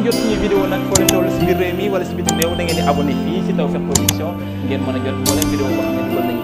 ngeen da ngeen di abonné fii ngeen mën a jot moo leen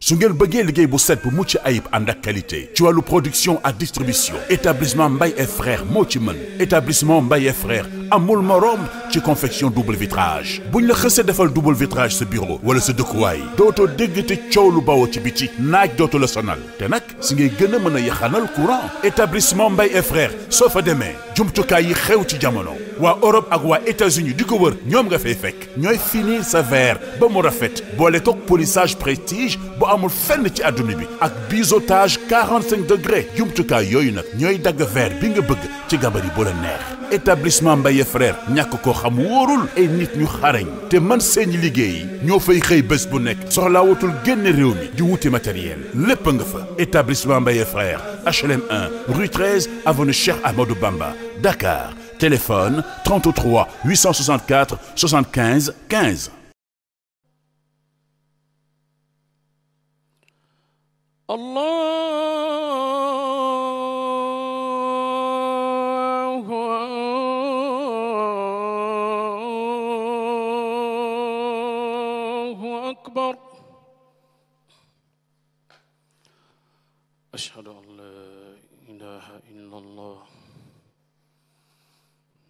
su ngeen bëggee liggéey bu set bu mucc ayib ànd ak qualité ci wàllu production a distribution établissement mbay et frères moo ci mën établissement mbay et frères amul morom ci confection double vitrage buñ la xësee defal double vitrage sa bureau wala sa dëkkuwaay dootoo dégg te coow lu bawoo ci biti naaj dootu la sonal te nag si ngay gën a mën a yaxanal courant établissement Mbaye et frères soo fa demee jumtukaay yi xew ci jamono waa Europe ak waa États-Unis di ko wër ñoom nga fay fekk ñooy finir sa verre ba mu rafet boole kook polissage prestige bu amul fenn ci adduna bi ak biseautage 45 degré jumtukaay yooyu nag ñooy dagg verre bi nga bëgg ci gabari bu la neex. établissement Mbaye frère ñàkk koo xam wóorul ay nit ñu xarañ te man seeni liggéey ñoo fay xëy bés bu nekk soxlaa watul génn réew mi di wuti matériel lépp nga fa établissement Mbaye frère HLM 1 rue 13 avenue Cheikh Amadou Bamba Dakar téléphone 33 864 75 15. Allahu akbar. Ashhadu an la ilaha illallah.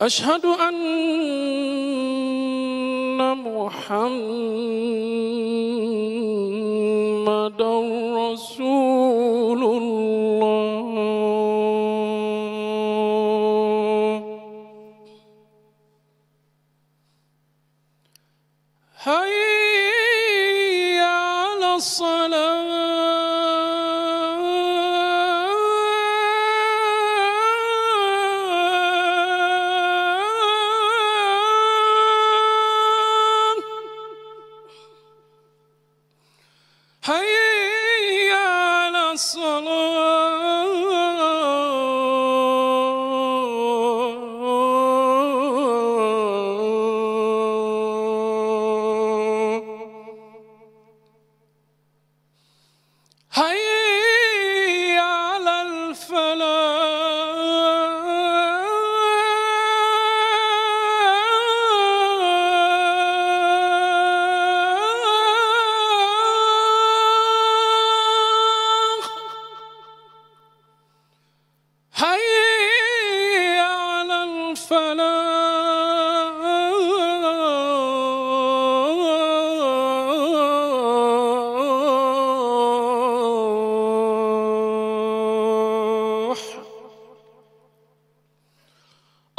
أشهد أن محمدا رسول الله هيا على الصلاة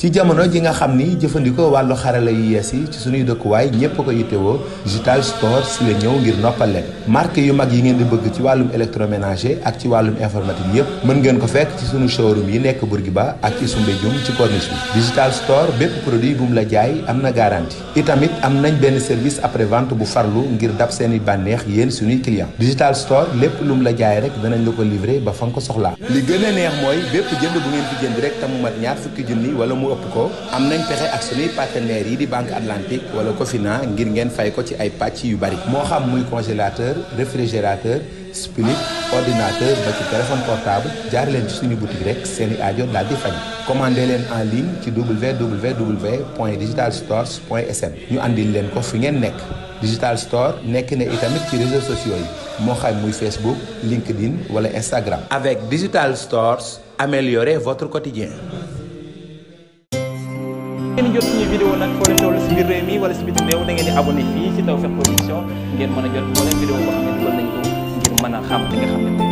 ci jamono ji nga xam ni jëfandikoo wàllu xarala yu yees yi ci suñuy dëkkuwaay ñëpp ko yittewoo digital store si la ñëw ngir noppal leen marque yu mag yi ngeen di bëgg ci wàllum électroménager ak ci wàllum informatique yëpp mën ngeen ko fekk ci sunu showroom yi nekk ba ak ci Soumbédioune ci corniche bi digital store bépp produit bu la jaay am na garantie itamit am nañ benn service après vente bu farlu ngir dab seeni bànneex yéen suñuy client digital store lépp lu mu la jaay rek danañ la ko livrer ba fa nga ko soxlaa li neex mooy bépp jënd bu jënd rek tamu mat ñaar fukki junni wala mu ko am nañ pexe ak suñuy partenaires yi di banque atlantique wala Cofina ngir ngeen fay ko ci ay pàcc yu bari moo xam muy congélateur réfrigérateur split ordinateur ba ci téléphone portable jaar leen ci suñu boutique rek seen i aajo daal di faj commandé leen en ligne ci sm ñu andil leen ko fi ngeen nekk digital store nekk na itamit ci réseaux sociaux yi moo xam muy Facebook LinkedIn wala Instagram. avec digital stores améliore votre quotidien. ngeen di jot suñu vidéo nag foo leen toll si biir réew mi wala si bitim réew da ngeen di abonné fii si Tawfekh Production ngeen mën a jot xam ne dugal xam nga